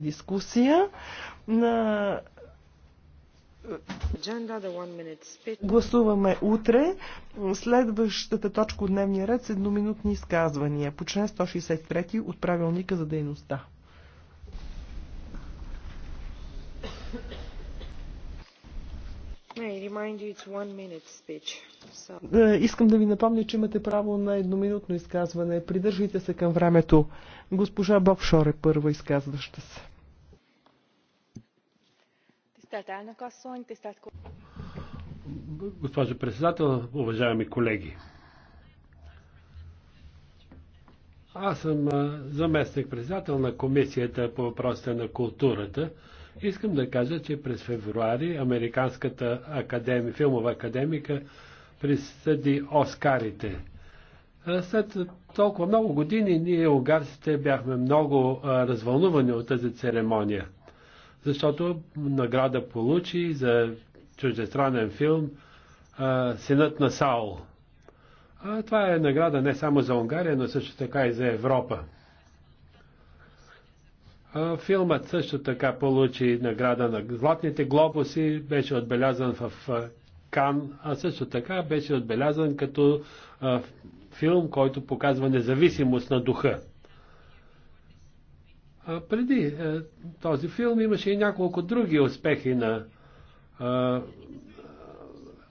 дискусия. На... Гласуваме утре. Следващата точка от дневния ред с едноминутни изказвания по член 163 от правилника за дейността. Е, искам да ви напомня, че имате право на едноминутно изказване. Придържайте се към времето. Госпожа Бобшор е първа изказваща се. Госпожо председател, уважаеми колеги. Аз съм е, заместник председател на Комисията по въпросите на културата. Искам да кажа, че през февруари Американската академи, филмова академика присъди Оскарите. След толкова много години ние, угарците, бяхме много а, развълнувани от тази церемония, защото награда получи за чуждестранен филм а, Синът на Саул. А, това е награда не само за Унгария, но също така и за Европа. Филмът също така получи награда на Златните глобуси, беше отбелязан в Кан, а също така беше отбелязан като филм, който показва независимост на духа. Преди този филм имаше и няколко други успехи на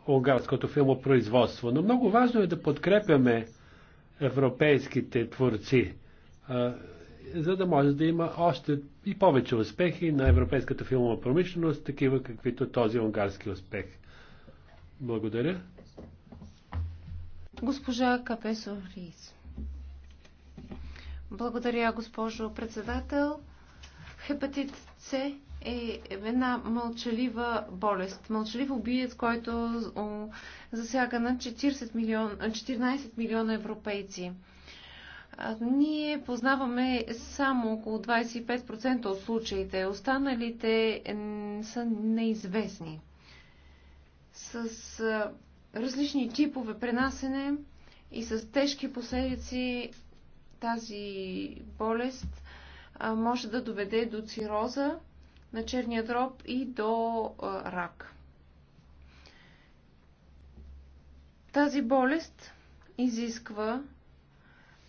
унгарското филмопроизводство, но много важно е да подкрепяме европейските творци за да може да има още и повече успехи на европейската филмова промишленост, такива каквито този унгарски успех. Благодаря. Госпожа Капесо Рис. Благодаря, госпожо председател. Хепатит С е една мълчалива болест, мълчалив убиец, който засяга на 40 милион, 14 милиона европейци. Ние познаваме само около 25% от случаите. Останалите са неизвестни. С различни типове пренасене и с тежки последици тази болест може да доведе до цироза на черния дроб и до рак. Тази болест изисква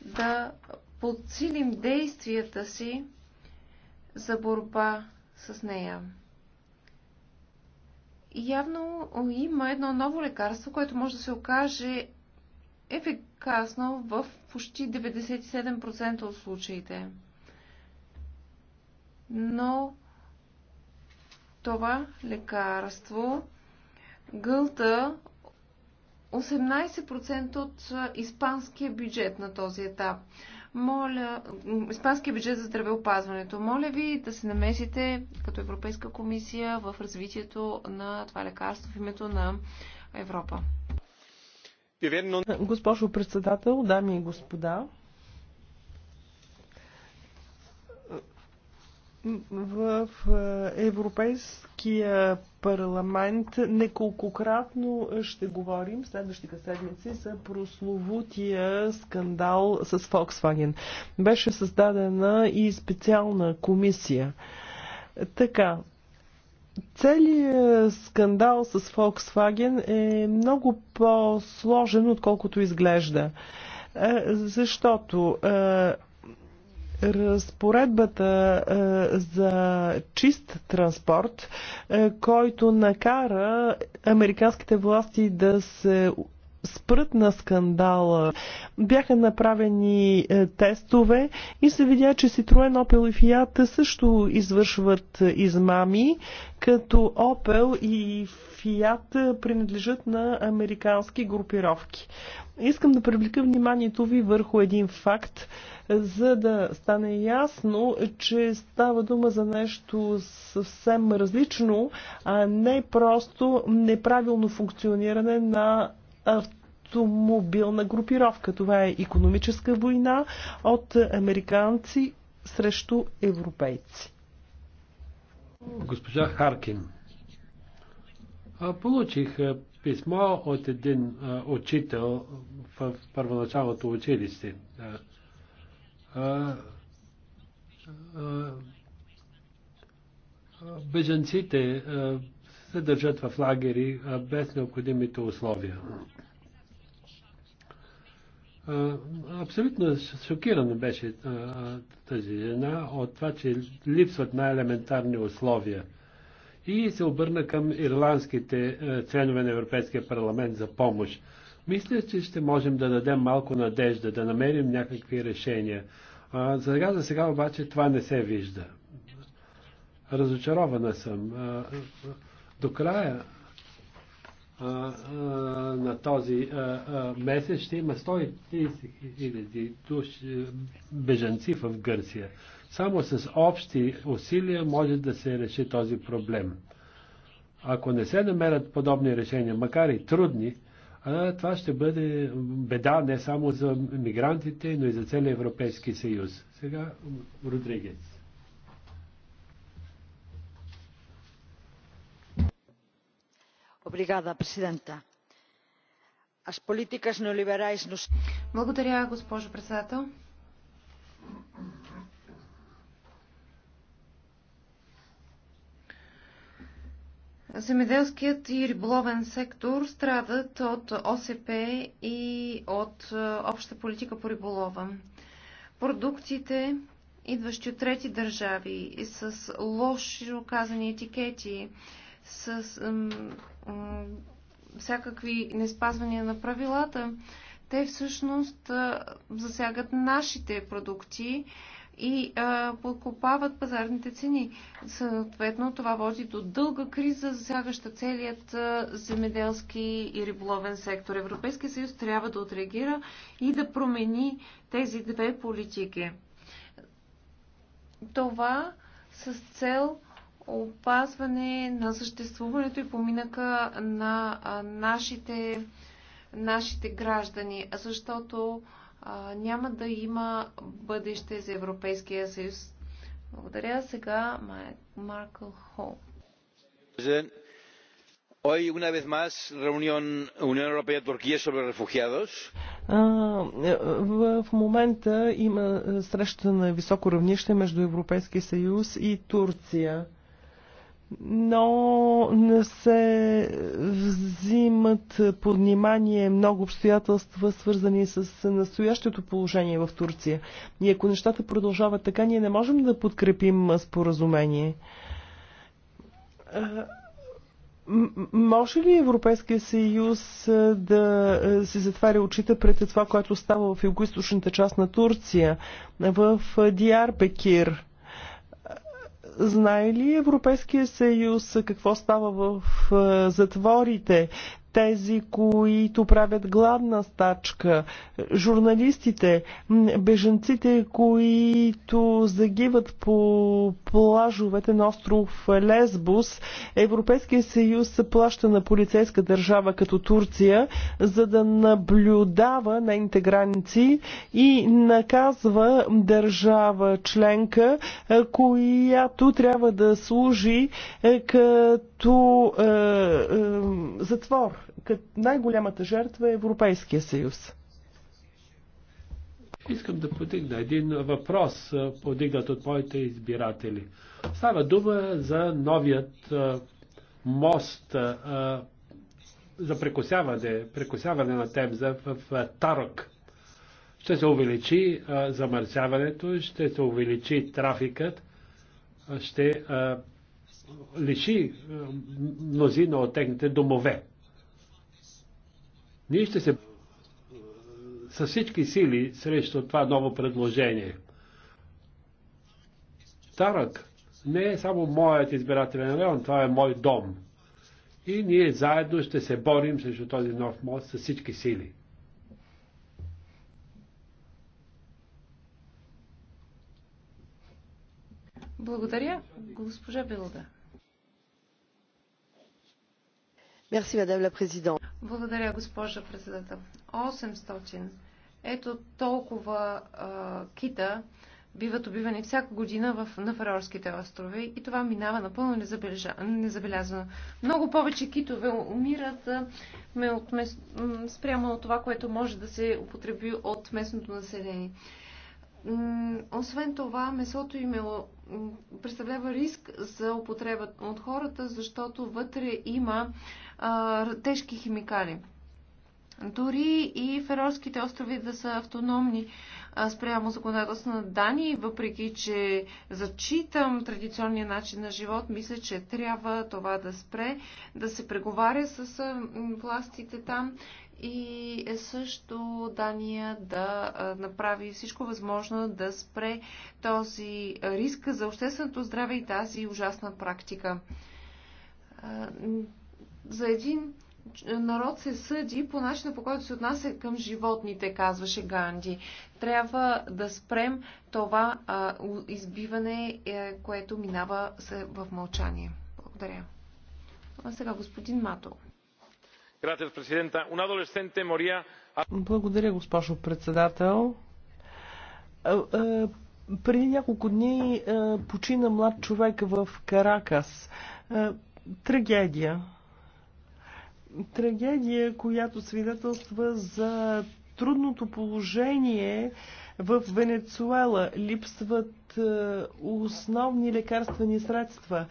да подсилим действията си за борба с нея. Явно има едно ново лекарство, което може да се окаже ефикасно в почти 97% от случаите. Но това лекарство гълта 18% от испанския бюджет на този етап. Моля, испанския бюджет за здравеопазването. Моля ви да се намесите като Европейска комисия в развитието на това лекарство в името на Европа. Госпожо председател, дами и господа, в е, Европейския парламент неколкократно ще говорим в следващите седмици за прословутия скандал с Volkswagen. Беше създадена и специална комисия. Така, целият скандал с Volkswagen е много по-сложен, отколкото изглежда е, защото е, разпоредбата е, за чист транспорт, е, който накара американските власти да се спрат на скандала. Бяха направени е, тестове и се видя, че Citroen, Opel и Fiat също извършват е, измами, като Opel и Fiat принадлежат на американски групировки. Искам да привлека вниманието ви върху един факт, за да стане ясно, че става дума за нещо съвсем различно, а не просто неправилно функциониране на автомобилна групировка. Това е економическа война от американци срещу европейци. Госпожа Харкин, получих писмо от един учител в първоначалното училище. Беженците се държат в лагери без необходимите условия. Абсолютно шокирана беше тази жена от това, че липсват най-елементарни условия. И се обърна към ирландските членове на Европейския парламент за помощ. Мисля, че ще можем да дадем малко надежда, да намерим някакви решения. За сега за сега обаче това не се вижда. Разочарована съм. До края на този месец ще има 130 хиляди души бежанци в Гърция. Само с общи усилия може да се реши този проблем. Ако не се намерят подобни решения, макар и трудни, това ще бъде беда не само за мигрантите, но и за целия Европейски съюз. Сега Родригес. Благодаря, госпожо председател. Земеделският и риболовен сектор страдат от ОСП и от е, обща политика по риболова. Продуктите, идващи от трети държави и с лошо казани етикети, с всякакви неспазвания на правилата, те всъщност засягат нашите продукти и подкопават пазарните цени. Съответно, това води до дълга криза, засягаща целият земеделски и риболовен сектор. Европейския съюз трябва да отреагира и да промени тези две политики. Това с цел опазване на съществуването и поминъка на нашите, нашите граждани, защото а, няма да има бъдеще за Европейския съюз. Благодаря сега Маркъл Хол. Hoy, una vez más, reunión Unión Europea-Turquía sobre refugiados. В момента има среща на високо равнище между Европейския съюз и Турция но не се взимат под внимание много обстоятелства, свързани с настоящото положение в Турция. И ако нещата продължават така, ние не можем да подкрепим споразумение. Е, може ли Европейския съюз е, да е, си затваря очите пред това, което става в югоизточната част на Турция, в Диарбекир? Знае ли Европейския съюз какво става в е, затворите? тези, които правят гладна стачка, журналистите, беженците, които загиват по плажовете на остров Лесбус. Европейския съюз се плаща на полицейска държава като Турция, за да наблюдава нейните граници и наказва държава членка, е, която трябва да служи е, като е, затвор тук най-голямата жертва е Европейския съюз. Искам да подигна един въпрос, подигнат от моите избиратели. Става дума за новият мост за прекосяване, прекосяване на темза в Тарок. Ще се увеличи замърсяването, ще се увеличи трафикът, ще лиши мнозина от техните домове. Ние ще се с всички сили срещу това ново предложение. Тарък не е само моят избирателен район, това е мой дом. И ние заедно ще се борим срещу този нов мост с всички сили. Благодаря, госпожа Билда. Благодаря, госпожа председател. 800. Ето толкова а, кита биват убивани всяка година в, на Фарорските острови и това минава напълно незабележа, незабелязано. Много повече китове умират ме от мес... спрямо от това, което може да се употреби от местното население. Освен това, месото им е, представлява риск за употреба от хората, защото вътре има а, тежки химикали. Дори и Ферорските острови да са автономни а, спрямо законодателство на Дани, въпреки че зачитам традиционния начин на живот, мисля, че трябва това да спре, да се преговаря с властите там и е също Дания да направи всичко възможно да спре този риск за общественото здраве и тази ужасна практика. За един народ се съди по начина по който се отнася към животните, казваше Ганди. Трябва да спрем това избиване, е, което минава в мълчание. Благодаря. А сега господин Матов. Благодаря, госпожо председател. Е, е, преди няколко дни е, почина млад човек в Каракас. Трагедия. Трагедия, която свидетелства за трудното положение в Венецуела. Липсват основни лекарствени средства.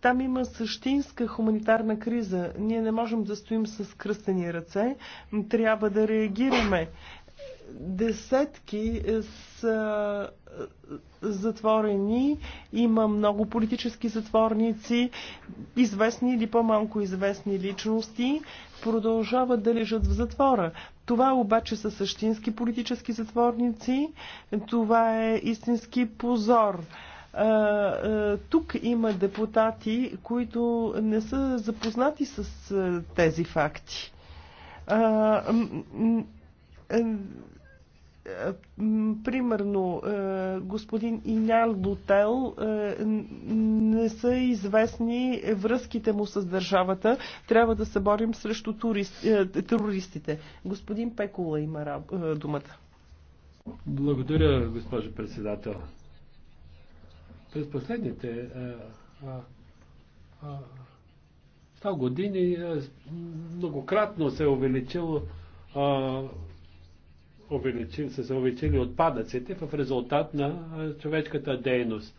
Там има същинска хуманитарна криза. Ние не можем да стоим с кръстени ръце. Трябва да реагираме. Десетки са затворени, има много политически затворници, известни или по-малко известни личности продължават да лежат в затвора. Това обаче са същински политически затворници, това е истински позор тук има депутати, които не са запознати с тези факти. Примерно, господин Инял Лутел не са известни връзките му с държавата. Трябва да се борим срещу терористите. Господин Пекула има думата. Благодаря, госпожо председател. През последните а, а, 100 години е, многократно се е увеличило а, е, увеличил, са се увеличили отпадъците в резултат на а, е, човешката дейност.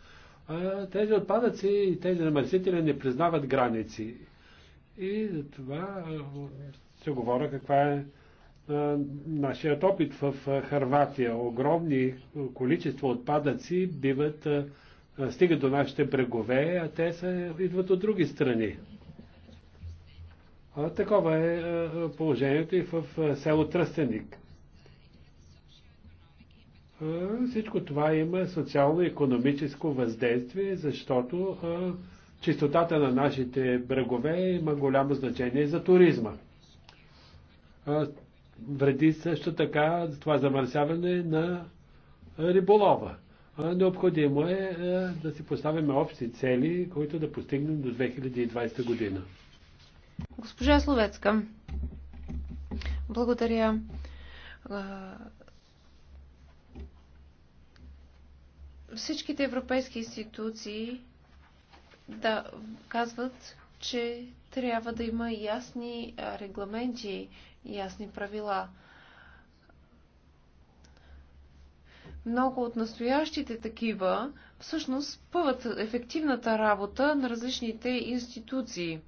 А, тези отпадъци и тези намърсители не признават граници. И за това се говоря каква е нашият опит в Харватия. Огромни количества отпадъци биват стигат до нашите брегове, а те са, идват от други страни. А, такова е положението и в село Тръстеник. А, всичко това има социално-економическо въздействие, защото а, чистотата на нашите брегове има голямо значение за туризма. А, вреди също така това замърсяване на риболова. Необходимо е, е да си поставяме общи цели, които да постигнем до 2020 година. Госпожа Словецка, благодаря. Всичките европейски институции да казват, че трябва да има ясни регламенти, ясни правила. много от настоящите такива всъщност пъват ефективната работа на различните институции.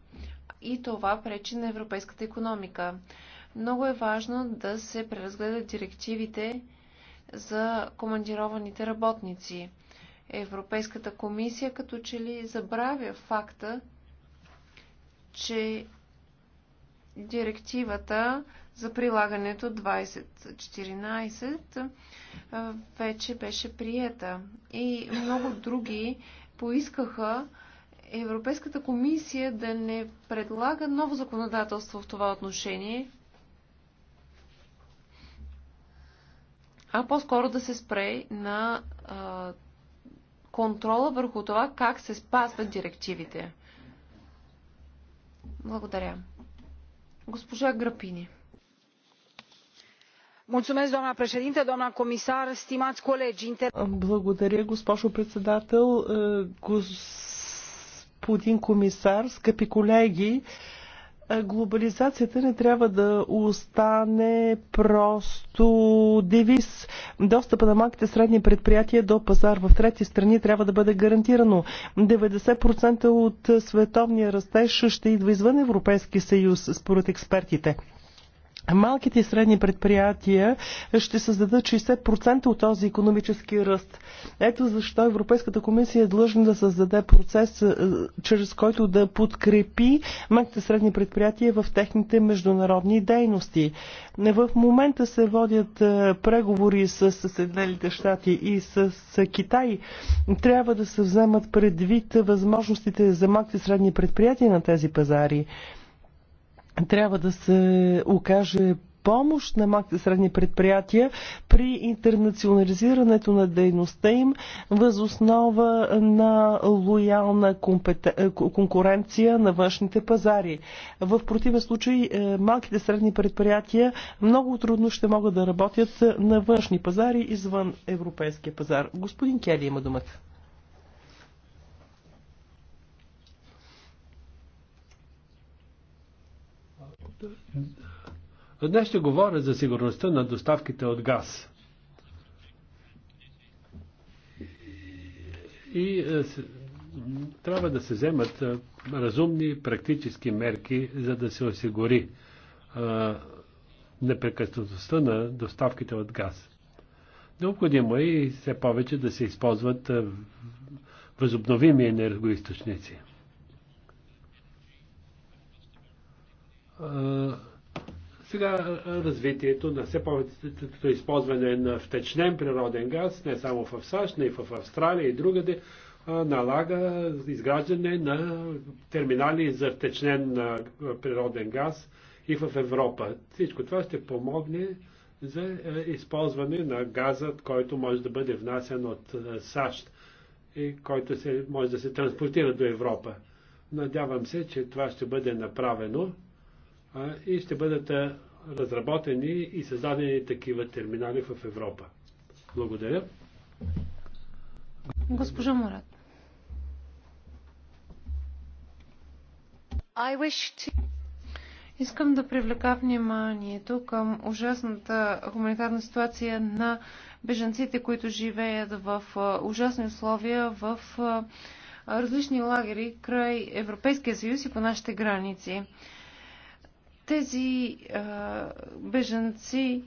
И това пречи на европейската економика. Много е важно да се преразгледат директивите за командированите работници. Европейската комисия като че ли забравя факта, че директивата за прилагането 2014 вече беше приета. И много други поискаха Европейската комисия да не предлага ново законодателство в това отношение, а по-скоро да се спре на а, контрола върху това как се спазват директивите. Благодаря. Госпожа Грапини doamnă președintă doamnă comisar stimați colegi Благодаря, госпожо председател, е, господин комисар, скъпи колеги. Е, глобализацията не трябва да остане просто девиз. Достъпа на малките средни предприятия до пазар в трети страни трябва да бъде гарантирано. 90% от световния растеж ще идва извън Европейски съюз, според експертите. Малките и средни предприятия ще създадат 60% от този економически ръст. Ето защо Европейската комисия е длъжна да създаде процес, е, чрез който да подкрепи малките и средни предприятия в техните международни дейности. В момента се водят е, преговори с Съединените щати и с Китай. Трябва да се вземат предвид възможностите за малките и средни предприятия на тези пазари трябва да се окаже помощ на малките средни предприятия при интернационализирането на дейността им възоснова на лоялна е, конкуренция на външните пазари. В противен случай е, малките средни предприятия много трудно ще могат да работят на външни пазари извън европейския пазар. Господин Кели има думата. Днес ще говоря за сигурността на доставките от газ. И е, трябва да се вземат е, разумни практически мерки, за да се осигури е, непрекъснатостта на доставките от газ. Необходимо е и все повече да се използват възобновими енергоисточници. сега развитието на все повечето използване на втечнен природен газ, не само в САЩ, но и в Австралия и другаде, налага изграждане на терминали за втечнен природен газ и в Европа. Всичко това ще помогне за използване на газът, който може да бъде внасян от САЩ и който се, може да се транспортира до Европа. Надявам се, че това ще бъде направено и ще бъдат разработени и създадени такива терминали в Европа. Благодаря. Госпожа Мурат. Искам да привлека вниманието към ужасната хуманитарна ситуация на беженците, които живеят в ужасни условия в различни лагери край Европейския съюз и по нашите граници. Тези а, бежанци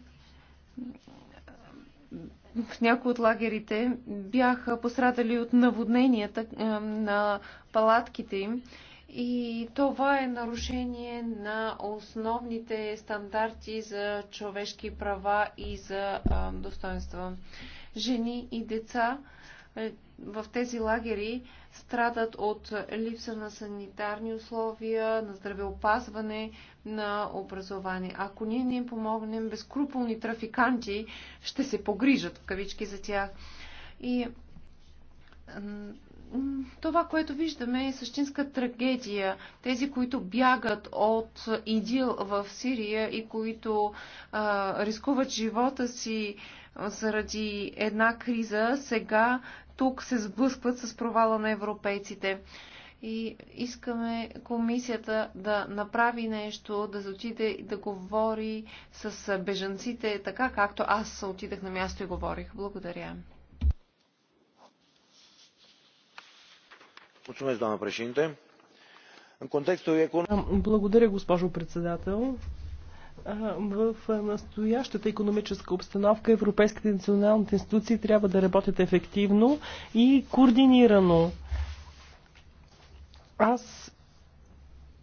в някои от лагерите бяха пострадали от наводненията на палатките им и това е нарушение на основните стандарти за човешки права и за достоинства. Жени и деца в тези лагери страдат от липса на санитарни условия, на здравеопазване, на образование. Ако ние не им помогнем, безкруполни трафиканти ще се погрижат в кавички за тях. И това, което виждаме е същинска трагедия. Тези, които бягат от идил в Сирия и които а, рискуват живота си, заради една криза, сега тук се сблъскват с провала на европейците. И искаме комисията да направи нещо, да отиде и да говори с бежанците, така както аз отидах на място и говорих. Благодаря. Благодаря, госпожо председател. В настоящата економическа обстановка европейските националните институции трябва да работят ефективно и координирано. Аз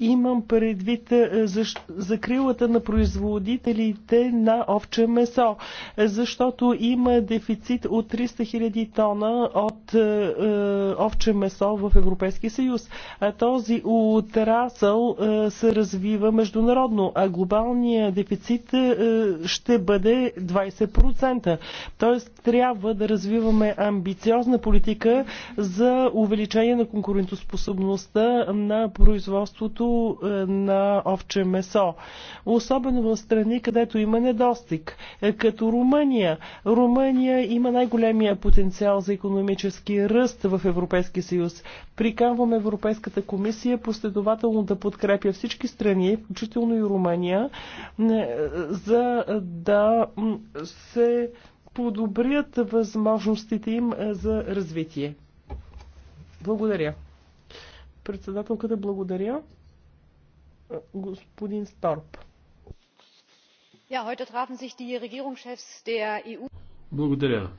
Имам предвид е, закрилата на производителите на овче месо, защото има дефицит от 300 000 тона от е, е, овче месо в Европейския съюз. А този отрасъл се развива международно, а глобалният дефицит ще бъде 20%. Тоест трябва да развиваме амбициозна политика за увеличение на конкурентоспособността на производството производството е, на овче месо. Особено в страни, където има недостиг, е, като Румъния. Румъния има най-големия потенциал за економически ръст в Европейския съюз. Приканвам Европейската комисия последователно да подкрепя всички страни, включително и Румъния, е, за да се подобрят възможностите им за развитие. Благодаря. Председателката, благодаря. Господин Сторп. E Благодаря.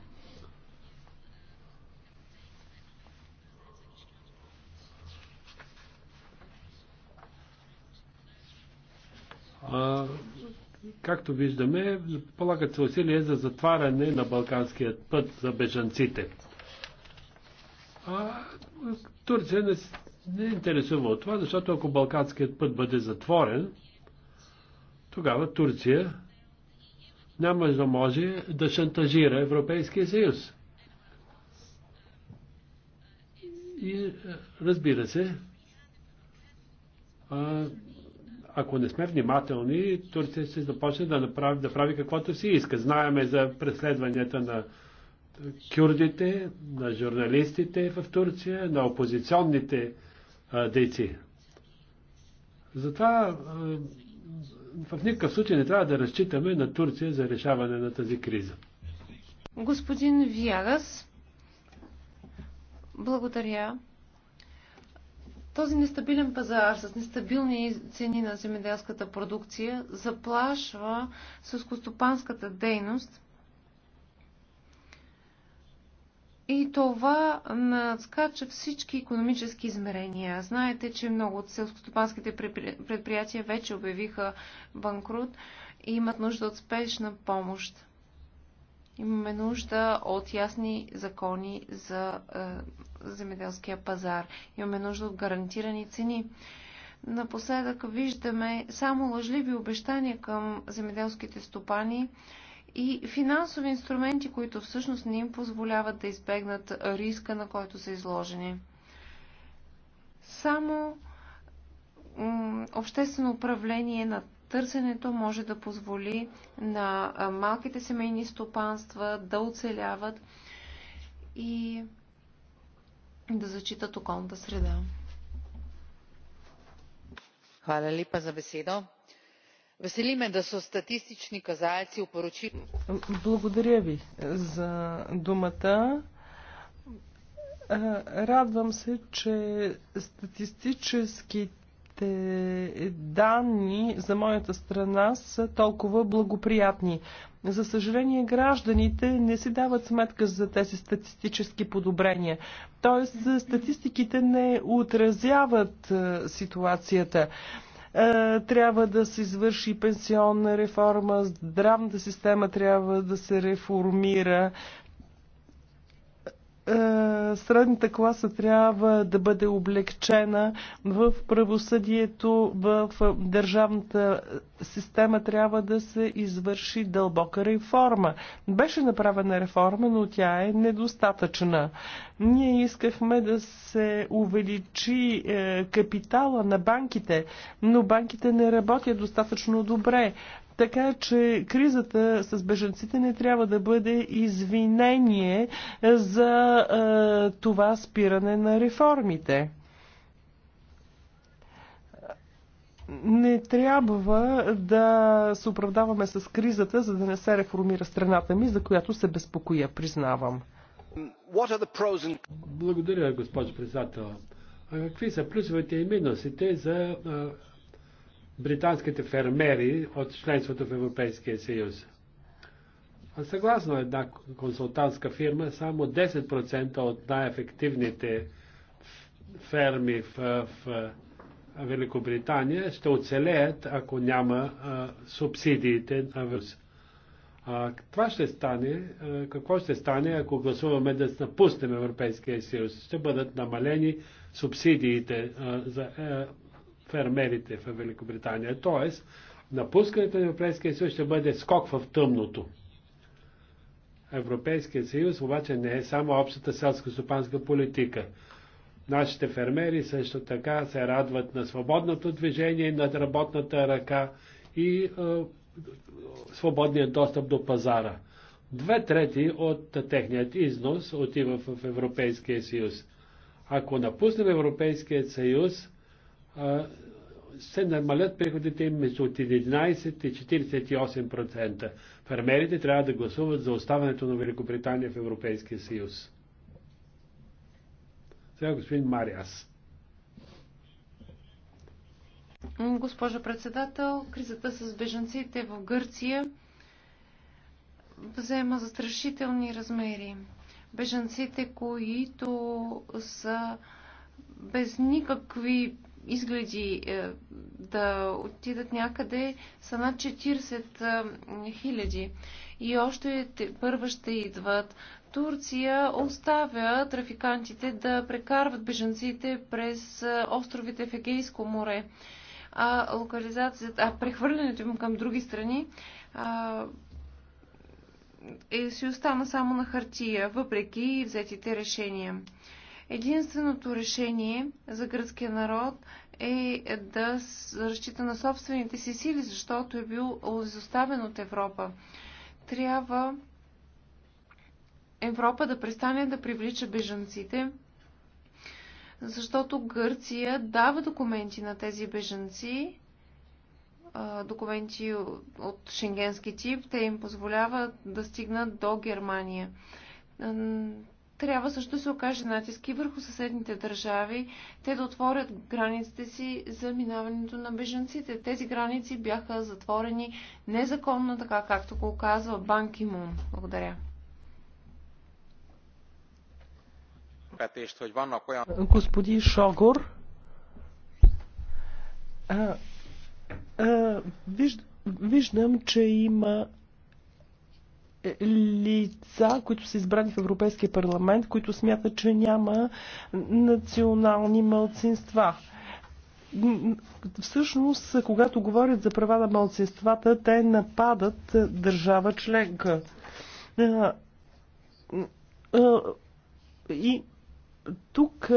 А, както виждаме, полагат се усилия за затваряне на Балканският път за бежанците. А, Турция не интересува от това, защото ако Балканският път бъде затворен, тогава Турция няма да може да шантажира Европейския съюз. И е, разбира се, а, ако не сме внимателни, Турция ще започне да, направи, да прави каквото си иска. Знаеме за преследванията на кюрдите, на журналистите в Турция, на опозиционните дейци. Затова в никакъв случай не трябва да разчитаме на Турция за решаване на тази криза. Господин Виагас, благодаря. Този нестабилен пазар с нестабилни цени на земеделската продукция заплашва сълскостопанската дейност – И това надскача всички економически измерения. Знаете, че много от селскостопанските предприятия вече обявиха банкрут и имат нужда от спешна помощ. Имаме нужда от ясни закони за е, земеделския пазар. Имаме нужда от гарантирани цени. Напоследък виждаме само лъжливи обещания към земеделските стопани и финансови инструменти, които всъщност не им позволяват да избегнат риска, на който са изложени. Само обществено управление на търсенето може да позволи на малките семейни стопанства да оцеляват и да зачитат околната среда. Hvala lepa za besedo veseli me da so statistični kazalci v poročilu. Благодаря ви за думата. Радвам се, че статистическите данни за моята страна са толкова благоприятни. За съжаление, гражданите не си дават сметка за тези статистически подобрения. Тоест, статистиките не отразяват ситуацията. Е, трябва да се извърши пенсионна реформа, здравната система трябва да се реформира, е, средната класа трябва да бъде облегчена в правосъдието, в държавната система трябва да се извърши дълбока реформа. Беше направена реформа, но тя е недостатъчна. Ние искахме да се увеличи е, капитала на банките, но банките не работят достатъчно добре. Така че кризата с беженците не трябва да бъде извинение за е, това спиране на реформите. Не трябва да се оправдаваме с кризата, за да не се реформира страната ми, за която се безпокоя, признавам. Благодаря, госпожо председател. А какви са плюсовете и минусите за британските фермери от членството в Европейския съюз. А съгласно една консултантска фирма, само 10% от най-ефективните ферми в, в, Великобритания ще оцелеят, ако няма а, субсидиите на ВРС. А, това ще стане, а, какво ще стане, ако гласуваме да напуснем Европейския съюз? Ще бъдат намалени субсидиите а, за а, фермерите в Великобритания. Тоест, напускането на Европейския съюз ще бъде скок в тъмното. Европейския съюз обаче не е само общата селско-стопанска политика. Нашите фермери също така се радват на свободното движение на работната ръка и е, свободния достъп до пазара. Две трети от техният износ отива в Европейския съюз. Ако напуснем Европейския съюз, се намалят приходите им между 11 и 48%. Фермерите трябва да гласуват за оставането на Великобритания в Европейския съюз. Сега господин Мариас. Госпожо председател, кризата с бежанците в Гърция взема застрашителни размери. Бежанците, които са без никакви изгледи е, да отидат някъде са над 40 е, хиляди. И още първа ще идват. Турция оставя трафикантите да прекарват бежанците през е, островите в Егейско море. А локализацията, а прехвърлянето им към други страни а, е, си остана само на хартия, въпреки взетите решения. Единственото решение за гръцкия народ е да разчита на собствените си сили, защото е бил изоставен от Европа. Трябва Европа да престане да привлича бежанците, защото Гърция дава документи на тези бежанци, документи от шенгенски тип, те им позволяват да стигнат до Германия трябва също да се окаже натиски върху съседните държави, те да отворят границите си за минаването на беженците. Тези граници бяха затворени незаконно, така както го казва Банки Мун. Благодаря. Господин Шогор, а, а, виждам, че има лица, които са избрани в Европейския парламент, които смятат, че няма национални мълцинства всъщност, когато говорят за права на мълцинствата, те нападат държава членка. И тук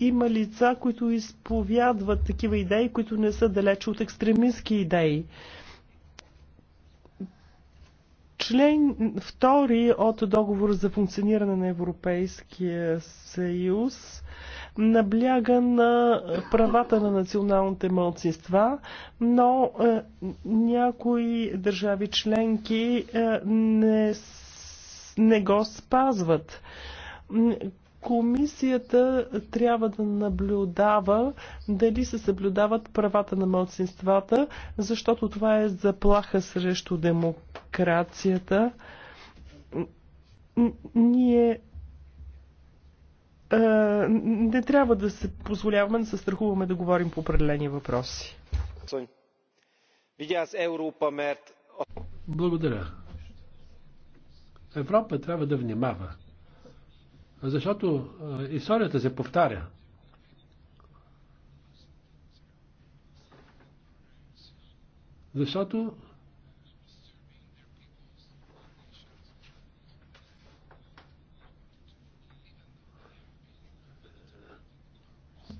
има лица, които изповядват такива идеи, които не са далече от екстремистски идеи. Член втори от Договор за функциониране на Европейския съюз набляга на правата на националните малцинства, но е, някои държави членки е, не, не го спазват. Комисията трябва да наблюдава дали се съблюдават правата на младсинствата, защото това е заплаха срещу демокрацията. Ние не трябва да се позволяваме да се страхуваме да говорим по определени въпроси. Благодаря. Европа трябва да внимава, защото историята се повтаря. Защото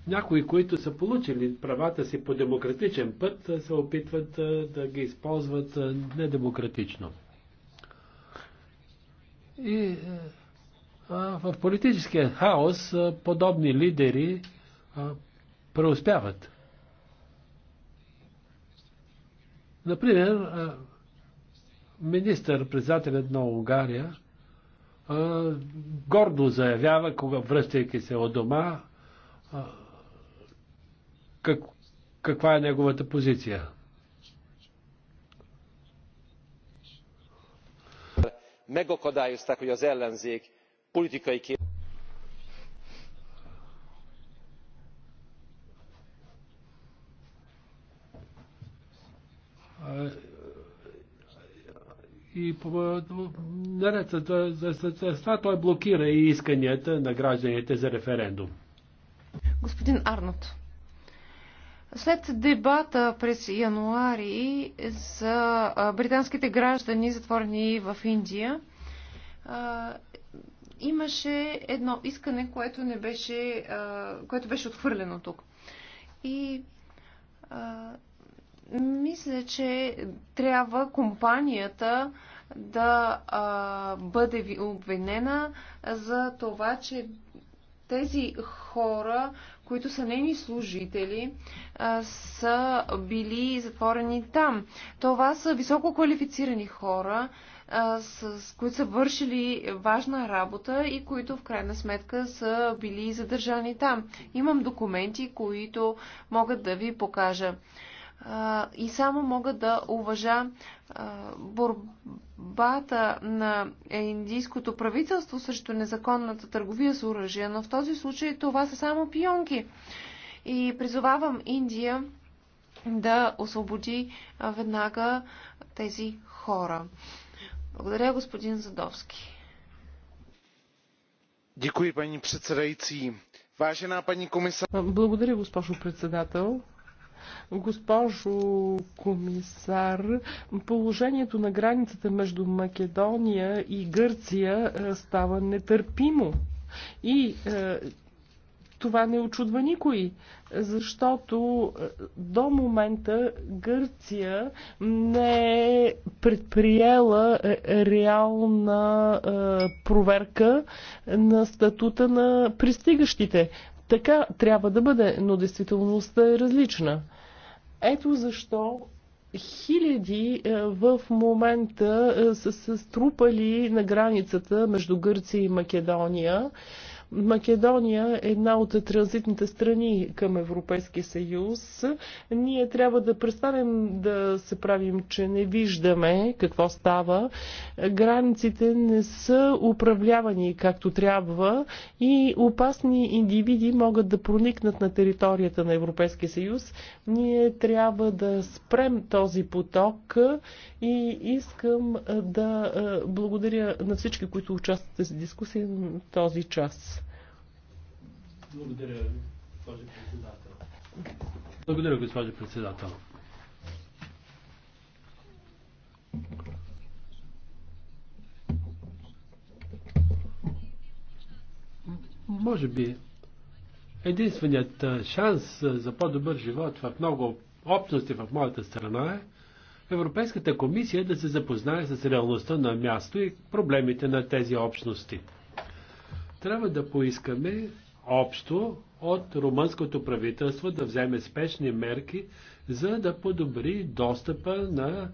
някои, които са получили правата си по демократичен път, се опитват да ги използват недемократично. И в политическия хаос подобни лидери преуспяват. Например, министър-председателят на Унгария гордо заявява, кога връщайки се от дома, как, каква е неговата позиция. Megakadályozták, hogy az ellenzék politikaiként и наред с това той блокира и исканията на гражданите за референдум. Господин Арнот, след дебата през януари за британските граждани, затворени в Индия, имаше едно искане, което, не беше, което беше отхвърлено тук. И а, мисля, че трябва компанията да а, бъде обвинена за това, че тези хора, които са нейни служители, а, са били затворени там. Това са високо квалифицирани хора, с, с които са вършили важна работа и които в крайна сметка са били задържани там. Имам документи, които могат да ви покажа. А, и само мога да уважа а, борбата на индийското правителство срещу незаконната търговия с оръжие, но в този случай това са само пионки. И призовавам Индия да освободи веднага тези хора. Благодаря, господин Задовски. Дякую, пани председайци. Важена пани комисар... Благодаря, госпожо председател. Госпожо комисар, положението на границата между Македония и Гърция е, става нетърпимо. И е, това не очудва никой, защото е, до момента Гърция не е предприела е, реална е, проверка на статута на пристигащите. Така трябва да бъде, но действителността е различна. Ето защо хиляди в момента са се струпали на границата между Гърция и Македония Македония е една от транзитните страни към Европейския съюз. Ние трябва да престанем да се правим, че не виждаме какво става. Границите не са управлявани както трябва и опасни индивиди могат да проникнат на територията на Европейския съюз. Ние трябва да спрем този поток и искам да благодаря на всички, които участват в тази дискусия на този час. Благодаря, госпожо председател. Благодаря, госпожо председател. Може би единственият шанс за по-добър живот в много общности в моята страна е Европейската комисия да се запознае с реалността на място и проблемите на тези общности. Трябва да поискаме общо от румънското правителство да вземе спешни мерки, за да подобри достъпа на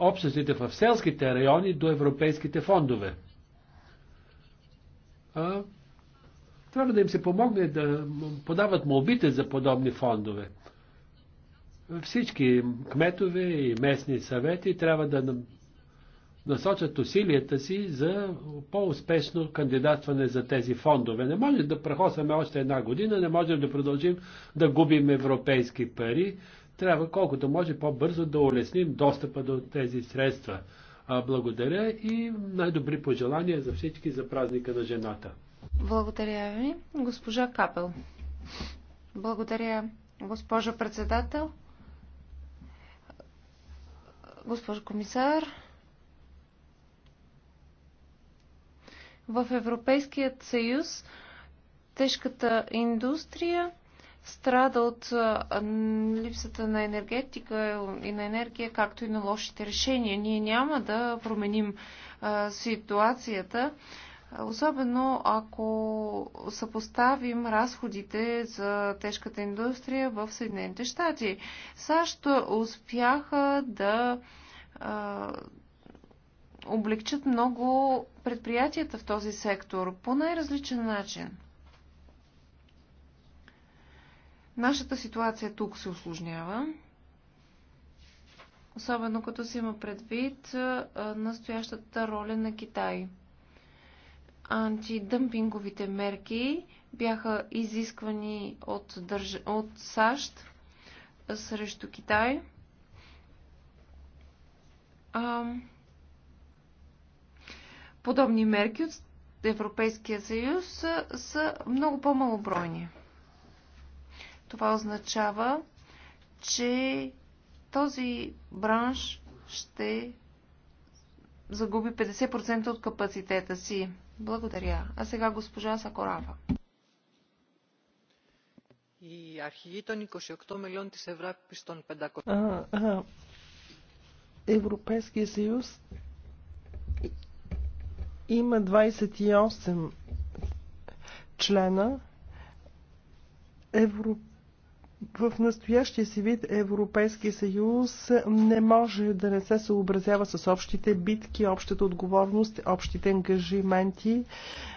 общностите в селските райони до европейските фондове. А, трябва да им се помогне да подават молбите за подобни фондове. Всички кметове и местни съвети трябва да насочат усилията си за по-успешно кандидатстване за тези фондове. Не може да прехосаме още една година, не можем да продължим да губим европейски пари. Трябва колкото може по-бързо да улесним достъпа до тези средства. Благодаря и най-добри пожелания за всички за празника на жената. Благодаря ви, госпожа Капел. Благодаря, госпожо председател. Госпожо комисар, в Европейският съюз тежката индустрия страда от липсата на енергетика и на енергия, както и на лошите решения. Ние няма да променим ситуацията, особено ако съпоставим разходите за тежката индустрия в Съединените щати. САЩ успяха да облегчат много предприятията в този сектор по най-различен начин. Нашата ситуация тук се осложнява, особено като се има предвид настоящата роля на Китай. Антидъмпинговите мерки бяха изисквани от, държ... от САЩ срещу Китай. А, подобни мерки от Европейския съюз са, са много по-малобройни. Това означава, че този бранш ще загуби 50% от капацитета си. Благодаря. А сега госпожа Сакорава. Η αρχηγή των 28 μελών της Ευρώπης των 500. Европейския съюз има 28 члена. Евро... В настоящия си вид Европейския съюз не може да не се съобразява с общите битки, общата отговорност, общите ангажименти.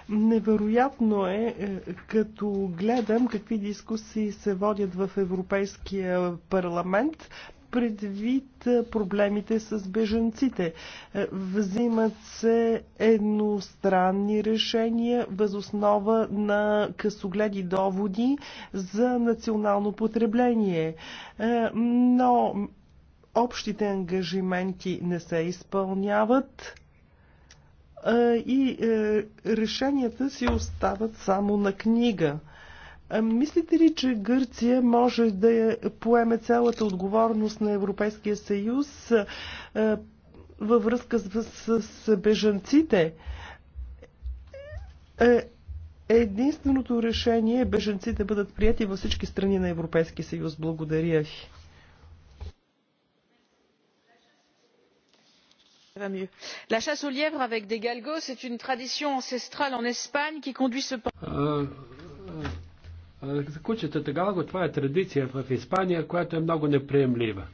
Невероятно е, е като гледам какви дискусии се водят в Европейския парламент предвид проблемите с беженците. Е, взимат се едностранни решения възоснова на късогледи доводи за национално потребление. Е, но общите ангажименти не се изпълняват е, и решенията си остават само на книга. Мислите ли, че Гърция може да поеме цялата отговорност на Европейския съюз във връзка с, с, с бежанците? Е, единственото решение е бежанците бъдат прияти във всички страни на Европейския съюз. Благодаря ви. la chasse aux lièvres avec des galgos une tradition ancestrale en espagne qui conduit euh, за кучета тогава това е традиция в Испания, която е много неприемлива.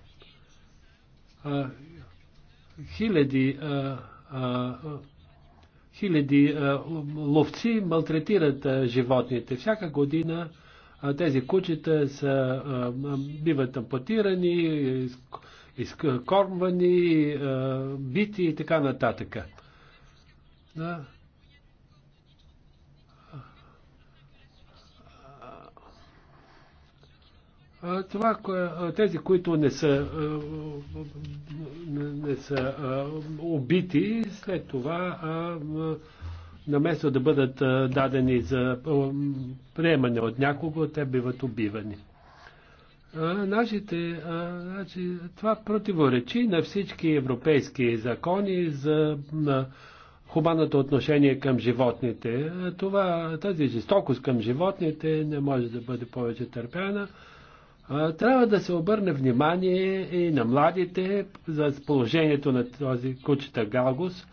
Хиляди, хиляди ловци малтретират животните. Всяка година тези кучета са, биват ампутирани, изкормвани, бити и така нататък. Това, тези, които не са, не са убити, след това наместо да бъдат дадени за приемане от някого, те биват убивани. Нашите, значи, това противоречи на всички европейски закони за хуманното отношение към животните. Това, тази жестокост към животните не може да бъде повече търпяна. Трябва да се обърне внимание и на младите за положението на този кучета Галгус,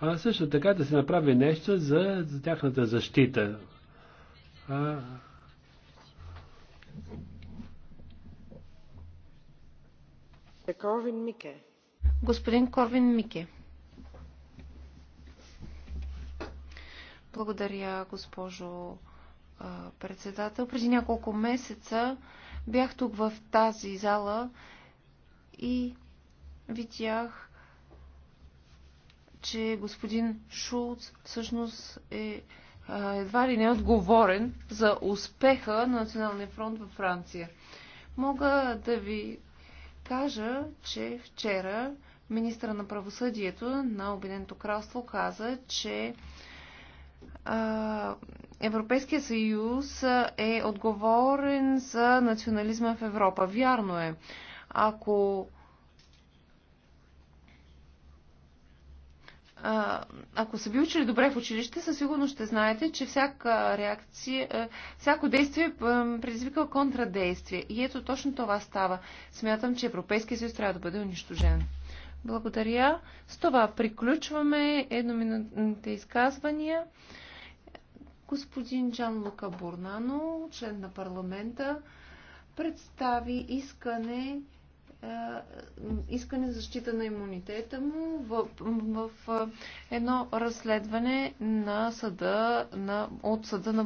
а също така да се направи нещо за, за тяхната защита. А... Корвин Мике. Господин Корвин Мике. Благодаря, госпожо председател. Преди няколко месеца Бях тук в тази зала и видях, че господин Шулц всъщност е едва ли не отговорен за успеха на Националния фронт във Франция. Мога да ви кажа, че вчера министра на правосъдието на Обединеното кралство каза, че Европейския съюз е отговорен за национализма в Европа. Вярно е. Ако ако са ви учили добре в училище, със сигурност ще знаете, че всяка реакция, всяко действие предизвика контрадействие. И ето точно това става. Смятам, че Европейския съюз трябва да бъде унищожен. Благодаря. С това приключваме едноминутните изказвания господин Джан Лука Бурнано, член на парламента, представи искане, е, искане за защита на имунитета му в, в, в е, едно разследване на съда на, от съда на